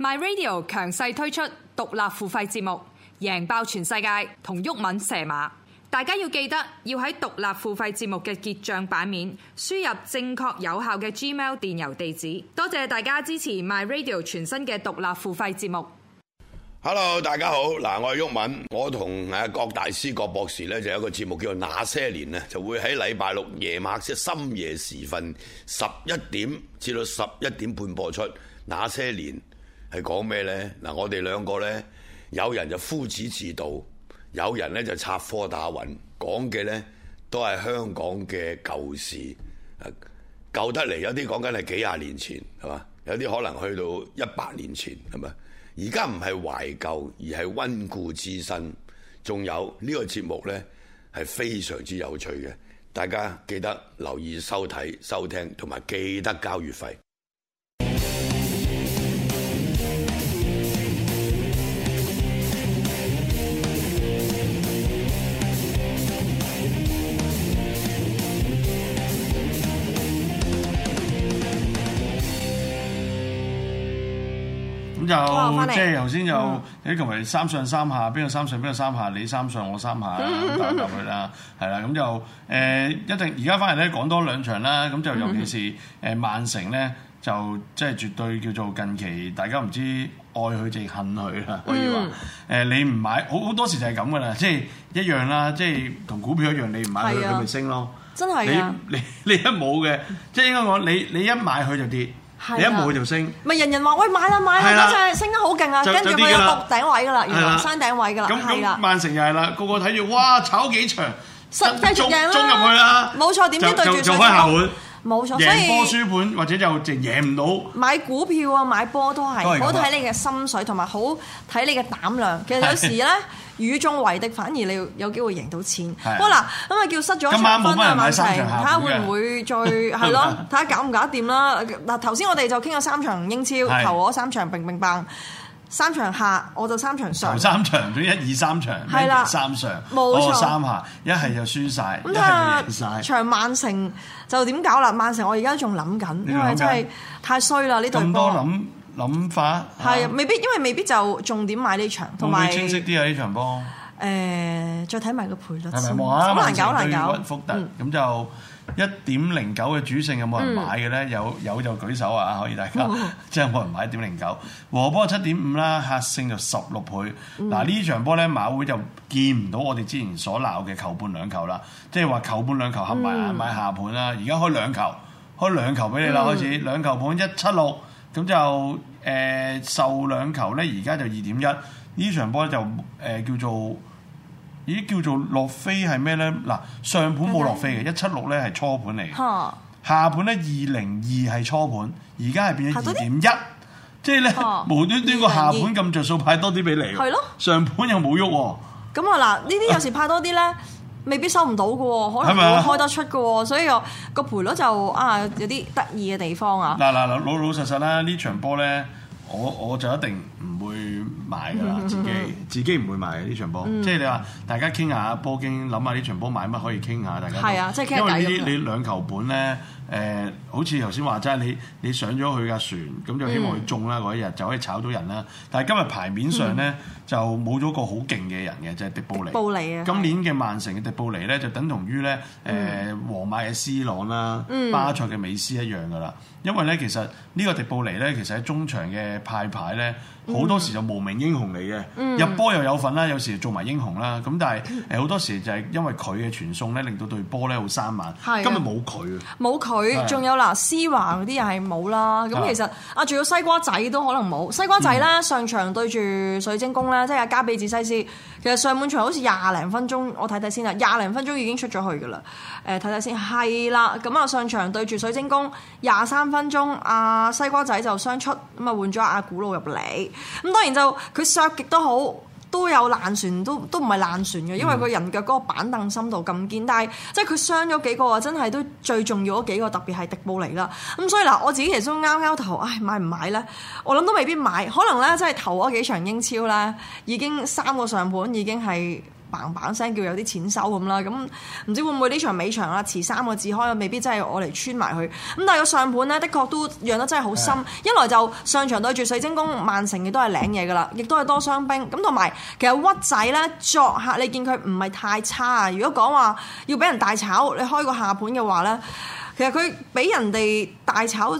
My Radio 強勢推出獨立付費節目，贏爆全世界。同毓民射馬，大家要記得要喺獨立付費節目嘅結賬版面輸入正確有效嘅 Gmail 電郵地址。多謝大家支持 My Radio 全新嘅獨立付費節目。Hello，大家好，嗱，我係毓民，我同郭大師、郭博士咧，就有一個節目叫做《那些年》，咧就會喺禮拜六夜晚即深夜時分十一點至到十一點半播出《那些年》。係講咩呢？嗱，我哋兩個呢，有人就夫子自道，有人呢就插科打諢，講嘅呢都係香港嘅舊事，舊得嚟有啲講緊係幾廿年前係嘛，有啲可能去到一百年前係咪？而家唔係懷舊，而係溫故知新。仲有呢個節目呢，係非常之有趣嘅，大家記得留意收睇、收聽同埋記得交月費。就又即係頭先就，嗯、你球迷三上三下，邊個三上邊個三下，你三上我三下 打嚟打去啦，係啦，咁就誒一定而家翻嚟咧講多兩場啦，咁就尤其是誒曼城咧就即係絕對叫做近期大家唔知愛佢定恨佢啦，可以話誒、嗯、你唔買好好多時就係咁噶啦，即係一樣啦，即係同股票一樣，你唔買佢佢咪升咯，真係你你，你一冇嘅，即係應該講你你一買佢就跌。你一望佢就升，咪人人話喂買啦買啦，就係的升得好勁啊。跟住佢有局頂位噶啦，的原來山頂位噶啦，咁咁曼城又係啦，個個睇住哇，炒幾場，實力中中，中入去啦，冇錯，點知對住開下盤。就就冇錯，盤所以波輸盤或者就直贏唔到。買股票啊，買波都係，都啊、好睇你嘅心水同埋好睇你嘅膽量。其實有時咧， 與眾為敵反而你有機會贏到錢。嗱， 咁啊叫失咗一分啊，買成。睇下是會唔會再係咯？睇下 搞唔搞得掂啦。嗱，頭先我哋就傾咗三場英超， 投咗三場平平棒。三場下，我就三場上，頭三場都一二三場，三上冇的場錯、哦，三下一係就輸曬，一係但贏曬。場曼城就點搞啦？曼城我而家仲諗緊，因為真係太衰啦呢度，咁多諗諗法，係啊，未必，因為未必就重點買呢場，同埋有清晰啲啊呢場波。誒、呃，再睇埋個賠率先，好難搞，難搞。咁就一點零九嘅主勝有冇人買嘅咧？有有就舉手啊，可以大家交，即係冇人買一點零九。和波七點五啦，客勝就十六倍。嗱，呢場波咧馬會就見唔到我哋之前所鬧嘅球半兩球啦，即係話球半兩球合埋買下盤啦。而家開兩球，開兩球俾你啦，開始兩球盤一七六，咁就誒受兩球咧，而家就二點一。呢場波就誒叫做。咦，叫做落飛係咩咧？嗱，上盤冇落飛嘅，一七六咧係初盤嚟，啊、下盤咧二零二係初盤，而家係變咗二點一，即係咧無端端個下盤咁着數派多啲俾你，係咯、啊？二上，二上盤又冇喐、啊，咁啊嗱，呢啲有時派多啲咧， 未必收唔到嘅，可能都開得出嘅，所以個個賠率就啊有啲得意嘅地方啊。嗱嗱嗱，老老實實啦，場呢場波咧。我我就一定唔會買㗎啦，自己 自己唔會買呢場波。 即係你話大家傾下波經，諗下呢場波買乜可以傾下，大家。係 啊，即係傾因為呢啲 你兩球本咧。誒、呃，好似頭先話齋，你你上咗佢架船，咁就希望佢中啦嗰、嗯、一日就可以炒到人啦。但係今日牌面上咧、嗯、就冇咗個好勁嘅人嘅，就係、是、迪布尼。布尼啊！今年嘅曼城嘅迪布尼咧，就等同於咧誒皇馬嘅 C 朗啦，嗯、巴塞嘅美斯一樣噶啦。因為咧，其實呢個迪布尼咧，其實喺中場嘅派牌咧。好多時就無名英雄嚟嘅，嗯、入波又有份啦，有時做埋英雄啦。咁但係誒好多時就係因為佢嘅傳送咧，令到對波咧好生猛。是的 今日冇佢，冇佢是的，仲有嗱，施華嗰啲又係冇啦。咁其實啊，仲是的 有西瓜仔都可能冇西瓜仔啦，嗯、上場對住水晶宮啦，即係加比爾西斯。上半場好似廿零分鐘，我睇睇先啦，廿零分鐘已經出咗去噶、呃、啦。誒，睇睇先，係啦，咁啊上場對住水晶宮，廿三分鐘，阿、啊、西瓜仔就相出，咁啊換咗阿古路入嚟，咁當然就佢削極都好。都有爛船，都都唔係爛船嘅，因為個人腳嗰個板凳深度咁堅，堅。但係即係佢傷咗幾個啊，真係都最重要嗰幾個，特別係迪布尼啦。咁所以嗱，我自己其實都啱啱投，唉，買唔買呢？我諗都未必買，可能呢，真係投嗰幾場英超咧，已經三個上盤已經係。棒棒聲叫有啲錢收咁啦，咁唔知會唔會呢場尾場啦，遲三個字開，未必真係我嚟穿埋佢。咁但係個上盤呢，的確都讓得真係好深。嗯、一來就上場對住水晶宮，曼城亦都係領嘢噶啦，亦都係多傷兵。咁同埋其實屈仔呢，作客，你見佢唔係太差。如果講話要俾人大炒，你開個下盤嘅話呢，其實佢俾人哋大炒，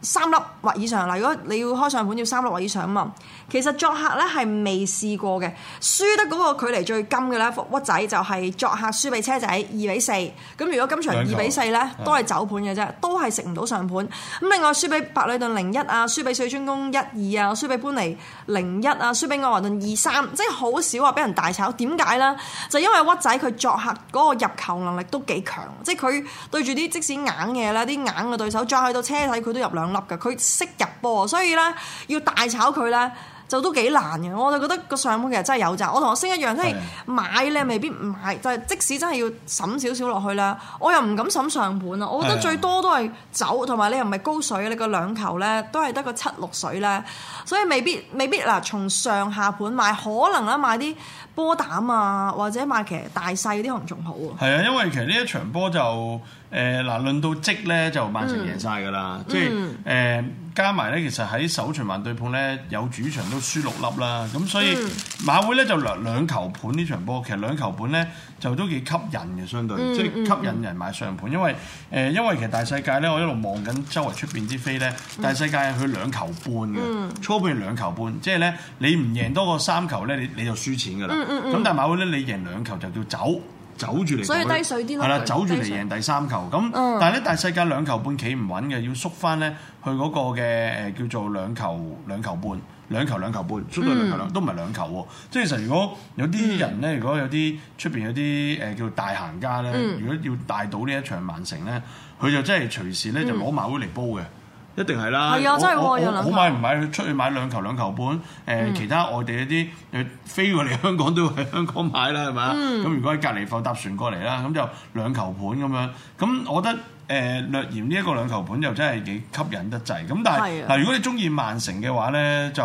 三粒或以上嗱，如果你要開上盤要三粒或以上啊嘛，其實作客咧係未試過嘅，輸得嗰個距離最近嘅咧，屈仔就係、是、作客輸俾車仔二比四。咁如果今場二比四咧球，都係走盤嘅啫，是的 都係食唔到上盤。咁另外輸俾白禮頓零一啊，輸俾水晶宮一二啊，輸俾般尼零一啊，輸俾愛華頓二三，即係好少話俾人大炒。點解咧？就因為屈仔佢作客嗰個入球能力都幾強，即係佢對住啲即使硬嘢咧，啲硬嘅對手再去到車仔，佢都入兩粒嘅，佢識入波，所以咧要大炒佢咧就都幾難嘅。我就覺得個上盤其實真係有賺。我同我升一樣，是的 即係買咧，未必唔買就係即使真係要審少少落去咧，我又唔敢審上盤啊。我覺得最多都係走，同埋你又唔係高水，你個兩球咧都係得個七六水咧，所以未必未必嗱，從上下盤買可能啦，買啲波膽啊，或者買其實大細嗰啲可能仲好啊。係啊，因為其實呢一場波就。誒嗱、呃，論到積咧就曼城贏晒㗎啦，嗯、即係誒、呃、加埋咧，其實喺首循環對碰咧，有主場都輸六粒啦，咁所以馬會咧就兩兩球盤呢場波，其實兩球盤咧就都幾吸引嘅，相對、嗯嗯、即係吸引人買上盤，因為誒、呃、因為其實大世界咧，我一路望緊周圍出邊啲飛咧，大世界係佢兩球半嘅，嗯、初盤係兩球半，即係咧你唔贏多個三球咧，你你就輸錢㗎啦，咁、嗯嗯嗯嗯、但係馬會咧你贏兩球就叫走。走住嚟，跑跑所以低水啲係啦，走住嚟贏第三球。咁碎，但係咧，大世界兩球半企唔穩嘅，要縮翻咧，佢嗰個嘅誒叫做兩球兩球半，兩球兩球半，縮到兩球兩，都唔係兩球。即係其實如果有啲人咧，嗯、如果有啲出邊有啲誒叫大行家咧，嗯、如果要帶到呢一場曼城咧，佢、嗯、就真係隨時咧就攞馬會嚟煲嘅。嗯嗯一定係啦，啊，真係好買唔買出去買兩球兩球盤？誒，其他外地嗰啲誒飛過嚟香港都喺香港買啦，係咪啊？咁如果喺隔離埠搭船過嚟啦，咁就兩球盤咁樣。咁我覺得誒略嫌呢一個兩球盤又真係幾吸引得滯。咁但係，嗱如果你中意曼城嘅話咧，就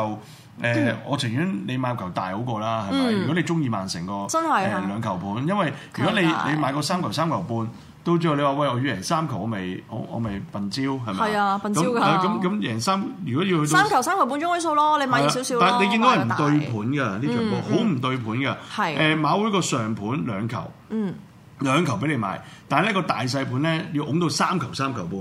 誒我情願你買球大好過啦，係咪？如果你中意曼城個真係啊兩球盤，因為如果你你買個三球三球半。到最後你話喂，我預贏三球我未，我我咪笨招，係咪？係啊，笨招㗎。咁咁咁贏三，如果要三球三球半中位數咯，你買少少，但係你見到係唔對盤㗎呢場波，好唔對盤㗎。係誒馬會個上盤兩球，嗯，兩球俾你買，但係呢個大細盤咧要拱到三球三球半。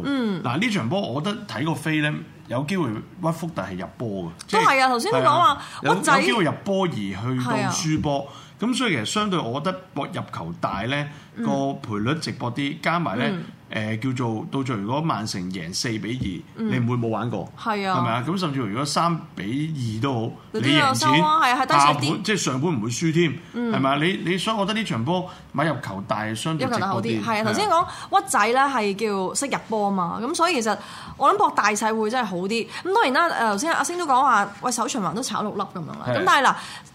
嗱呢場波我覺得睇個飛咧有機會屈福特係入波嘅。都係啊，頭先講話有機會入波而去到輸波。咁所以其實相對，我覺得博入球大咧個、嗯、賠率值博啲，加埋咧。嗯誒叫做到最後，如果曼城贏四比二，你唔會冇玩過係啊？係咪啊？咁甚至如果三比二都好，你都有錢。係啊，係低少啲，即係上盤唔會輸添，係咪啊？你你所以覺得呢場波買入球大係相對好啲？係啊，頭先講屈仔咧係叫識入波嘛，咁所以其實我諗博大細會真係好啲。咁當然啦，誒頭先阿星都講話，喂首循環都炒六粒咁樣啦。咁但係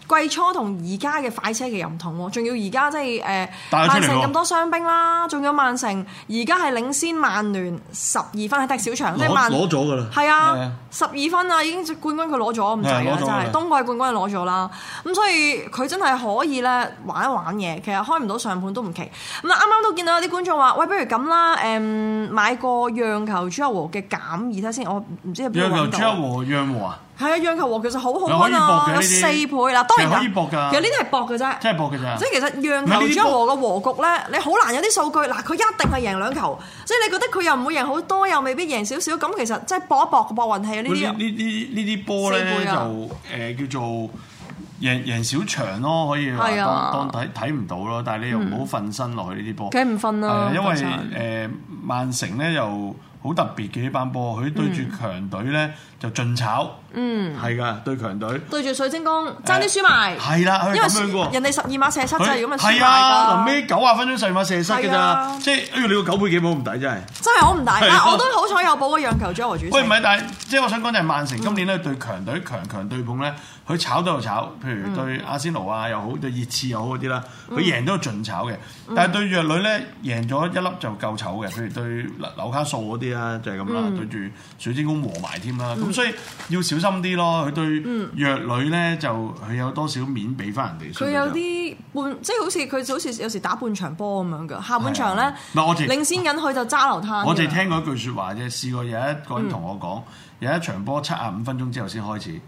嗱，季初同而家嘅快車嘅又唔同喎，仲要而家即係誒曼城咁多傷兵啦，仲有曼城而家係。領先曼聯十二分喺踢小場，即係曼聯攞咗噶啦。係啊，十二的分啊，已經冠軍佢攞咗，唔使啦真係。冬季冠軍佢攞咗啦，咁的所以佢真係可以咧玩一玩嘢。其實開唔到上盤都唔奇。咁啱啱都見到有啲觀眾話，喂，不如咁啦，誒、嗯，買個讓球主客和的減二睇下，先看看，我唔知係邊度讓球主客和讓和啊。係啊，讓球和其實好好睇啊，有四倍嗱。當然，搏其實呢啲係搏嘅啫，即係其實讓球讓和嘅和局咧，你好難有啲數據。嗱，佢一定係贏兩球，即係你覺得佢又唔會贏好多，又未必贏少少。咁其實即係搏一搏嘅搏運氣啊！呢啲呢啲呢啲波咧就誒叫做贏贏少場咯，可以啊，當睇睇唔到咯。但係你又唔好瞓身落去呢啲波，梗唔瞓啦。因為誒曼城咧又。好特別嘅呢班波，佢對住強隊咧就盡炒，嗯，係㗎，對強隊。對住水晶宮爭啲輸埋。係啦，因為咁樣喎，人哋十二碼射失就係咁樣輸埋㗎。係啊，臨尾九啊分鐘十二碼射失㗎咋，即係哎呀！你個九倍幾冇唔抵真係。真係我唔抵，我都好彩有保個讓球張我主。喂，唔係，但係即係我想講就係曼城今年咧對強隊強強對碰咧，佢炒都有炒，譬如對阿仙奴啊又好，對熱刺又好嗰啲啦，佢贏都係盡炒嘅。但係對弱隊咧贏咗一粒就夠抽嘅，譬如對紐卡素嗰啲。啊，就係咁啦，嗯、對住水晶宮和埋添啦，咁、嗯、所以要小心啲咯。佢對弱旅咧，就佢有多少面俾翻人哋。佢有啲半、嗯，即係好似佢好似有時打半場波咁樣嘅，下半場咧。唔我哋領先緊去、啊、就揸流灘。我哋聽過一句説話啫，啊、試過有一個人同我講，嗯、有一場波七啊五分鐘之後先開始。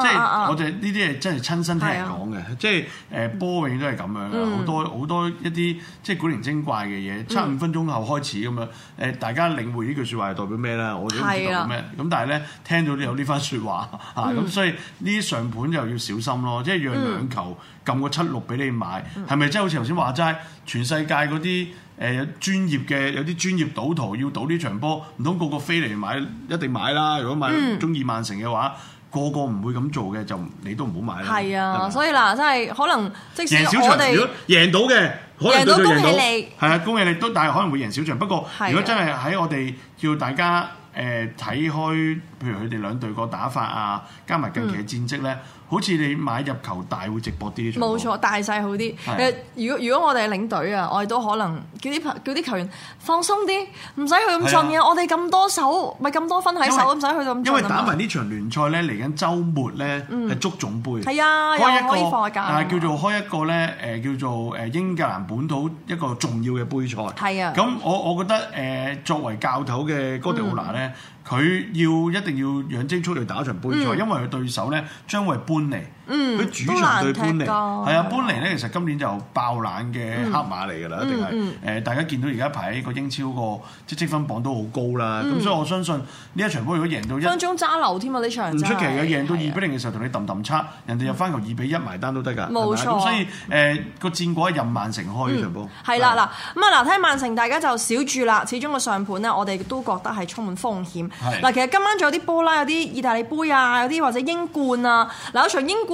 即係我哋呢啲嘢真係親身聽人講嘅，即係誒波永遠都係咁樣啦，好多好多一啲即係古靈精怪嘅嘢，差、嗯、五分鐘後開始咁樣，誒、呃、大家領會呢句説話係代表咩咧？我哋都唔知道咩，咁、嗯、但係咧聽到都有呢番説話嚇，咁、啊嗯、所以呢啲上盤就要小心咯，即係讓兩球撳個七六俾你買，係咪即係好似頭先話齋？全世界嗰啲誒專業嘅有啲專業賭徒要賭呢場波，唔通個個飛嚟買一定買啦？如果買中意曼城嘅話。個個唔會咁做嘅，就你都唔好買啦。係啊，吧所以嗱，真係可能即使我哋贏，贏到嘅，贏到恭喜你，係啊，恭喜你都、啊，但係可能會贏少場。的不過，如果真係喺我哋叫大家誒睇、呃、開，譬如佢哋兩隊個打法啊，加埋近期嘅戰績咧。嗯好似你買入球大會直播啲，冇錯大細好啲。誒，如果如果我哋係領隊啊，我哋都可能叫啲朋叫啲球員放鬆啲，唔使去咁盡嘅。我哋咁多手，咪咁多分喺手，唔使去到咁盡。因為打埋呢場聯賽咧，嚟緊週末咧係足總杯，係啊，又可以放個假。但係叫做開一個咧，誒叫做誒英格蘭本土一個重要嘅杯賽。係啊，咁我我覺得誒作為教頭嘅哥迪奧拿咧。佢要一定要養精蓄銳打一場杯賽，嗯，因為佢對手咧將會搬嚟。佢主場對般尼，係啊，般尼咧，其實今年就爆冷嘅黑馬嚟㗎啦，一定係誒大家見到而家排喺個英超個即係積分榜都好高啦，咁所以我相信呢一場波如果贏到一，雙雙揸流添啊！呢場唔出奇嘅，贏到二比零嘅時候同你揼揼差，人哋入翻球二比一埋單都得㗎，冇錯。所以誒個戰果任曼城開呢場波，係啦嗱，咁啊嗱，睇曼城大家就少注啦。始終個上盤呢，我哋都覺得係充滿風險。嗱，其實今晚仲有啲波啦，有啲意大利杯啊，有啲或者英冠啊，嗱，有場英冠。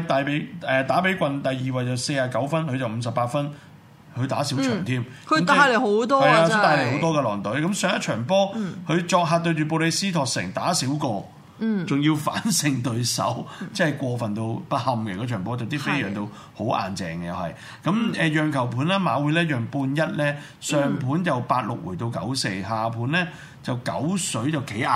打俾誒打俾棍，第二位就四十九分，佢就五十八分，佢打少場添，佢帶嚟好多啊！真係帶嚟好多嘅狼隊。咁上一場波，佢作客對住布里斯托城打少個，嗯，仲要反勝對手，即係過分到不堪嘅嗰場波，就啲飛贏到好硬淨嘅又係。咁誒讓球盤啦，馬會咧讓半一咧，上盤就八六回到九四，下盤咧就九水就企硬，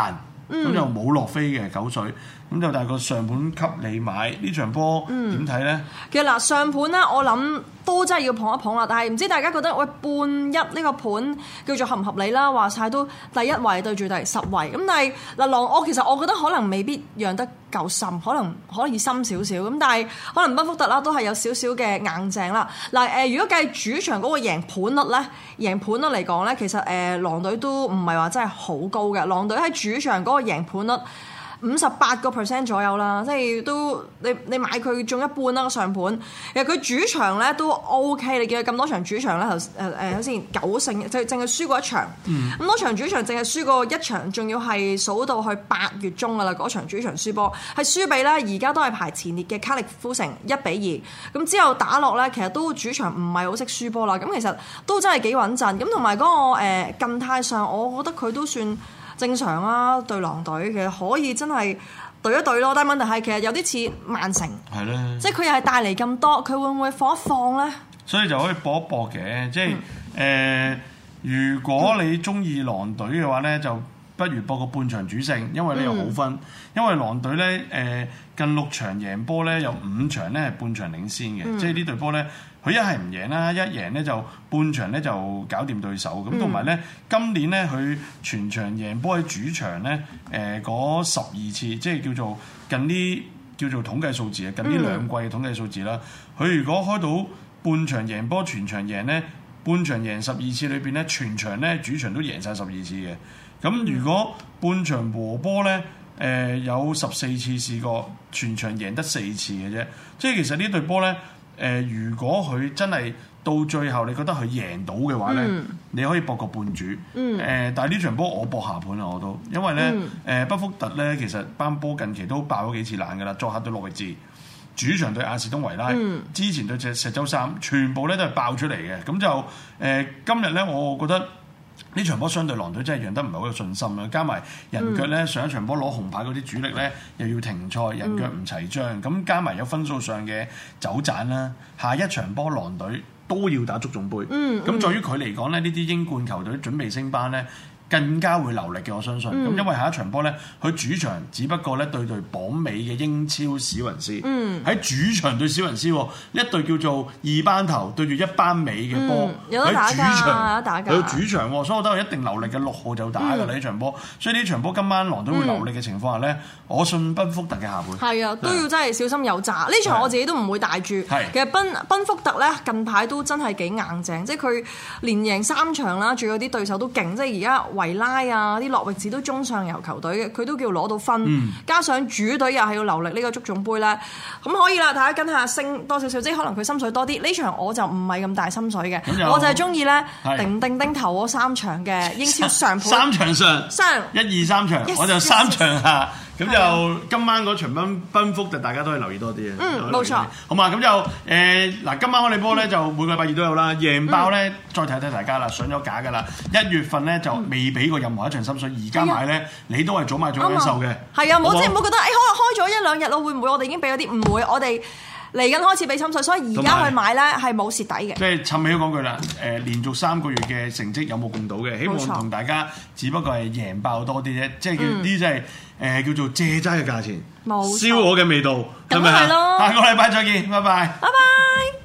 咁就冇落飛嘅九水。咁就大概上盤給你買呢場波點睇呢？其實嗱，上盤呢，我諗都真係要捧一捧啦。但係唔知大家覺得喂半一呢個盤叫做合唔合理啦？話晒都第一位對住第十位咁，但係嗱狼，我其實我覺得可能未必讓得夠深，可能可以深少少咁。但係可能賓福特啦，都係有少少嘅硬淨啦。嗱誒，如果計主場嗰個贏盤率呢，贏盤率嚟講呢，其實誒狼、呃、隊都唔係話真係好高嘅。狼隊喺主場嗰個贏盤率。五十八個 percent 左右啦，即係都你你買佢中一半啦個上盤。其實佢主場咧都 OK，你見佢咁多場主場咧，頭誒誒，頭、呃呃、先九勝，就淨係輸過一場。咁、嗯、多場主場淨係輸過一場，仲要係數到去八月中噶啦，嗰場主場輸波，係輸俾咧而家都係排前列嘅卡利夫城一比二。咁之後打落咧，其實都主場唔係好識輸波啦。咁其實都真係幾穩陣。咁同埋嗰個近態上，我覺得佢都算。正常啦，對狼隊其實可以真係對一對咯。但係問題係其實有啲似曼城，係咧的，即係佢又係帶嚟咁多，佢會唔會放一放呢？所以就可以搏一搏嘅，即係誒、嗯呃，如果你中意狼隊嘅話呢，就不如博個半場主勝，因為你又好分，嗯、因為狼隊呢，誒、呃、近六場贏波呢，有五場呢係半場領先嘅，嗯、即係呢隊波呢。佢一係唔贏啦，一贏咧就半場咧就搞掂對手咁。同埋咧，今年咧佢全場贏波喺主場咧，誒嗰十二次，即係叫做近啲叫做統計數字啊，近呢兩季嘅統計數字啦。佢、嗯、如果開到半場贏波，全場贏咧，半場贏十二次裏邊咧，全場咧主場都贏晒十二次嘅。咁如果半場和波咧，誒、呃、有十四次試過，全場贏得四次嘅啫。即係其實對呢對波咧。誒、呃，如果佢真係到最後，你覺得佢贏到嘅話咧，嗯、你可以博個半主。誒、嗯呃，但係呢場波我博下盤啊，我都，因為咧，誒、嗯呃，賓福特咧，其實班波近期都爆咗幾次冷嘅啦，作客對諾域治。主場對亞士東維拉，嗯、之前對隻石洲三，全部咧都係爆出嚟嘅，咁就誒、呃，今日咧，我覺得。呢場波相對狼隊真係贏得唔係好有信心啦，加埋人腳咧，上一場波攞紅牌嗰啲主力咧又要停賽，人腳唔齊張，咁加埋有分數上嘅走盞啦，下一場波狼隊都要打足總杯，咁、嗯嗯、在於佢嚟講咧，呢啲英冠球隊準備升班咧。更加會流力嘅，我相信。咁、嗯、因為下一場波咧，佢主場，只不過咧對對榜尾嘅英超史雲斯，喺、嗯、主場對史雲斯喎，一隊叫做二班頭對住一班尾嘅波，喺主場有得打㗎。主場有得打主場，所以我覺得一定流力嘅六號就打㗎呢場波。嗯、所以呢場波今晚狼隊都會流力嘅情況下咧，嗯、我信賓福特嘅下半。係啊，都要真係小心有詐。呢、啊、場我自己都唔會大注。啊、其實賓賓福特咧近排都真係幾硬淨，即係佢連贏三場啦，仲有啲對手都勁，即係而家維拉啊，啲諾域子都中上游球隊嘅，佢都叫攞到分。嗯、加上主隊又係要留力個呢個足總杯啦。咁可以啦。大家跟下升多少少，即係可能佢心水多啲。呢場我就唔係咁大心水嘅，嗯、我就係中意咧，定定定投嗰三場嘅英超上盤。三場上，一二三場，yes, 我就三場下。Yes, yes, yes, yes. 咁就今晚嗰場奔奔幅就大家都可以留意多啲啊！嗯，冇錯，好嘛？咁就誒嗱，今晚開你波咧就每個禮拜二都有啦。贏爆咧，再睇睇大家啦，上咗架噶啦。一月份咧就未俾過任何一場心水，而家買咧你都係早買早享受嘅。係啊，唔好即係唔好覺得可能開咗一兩日咯，會唔會我哋已經俾咗啲誤會？我哋。嚟緊開始俾心水，所以而家去買咧係冇蝕底嘅。即係陳尾都講句啦，誒、呃、連續三個月嘅成績有冇共到嘅，希望同大家，只不過係贏爆多啲啫，錯即係叫呢啲係誒叫做借齋嘅價錢，錯燒鵝嘅味道，咁咪啊？咯下個禮拜再見，拜拜，拜拜。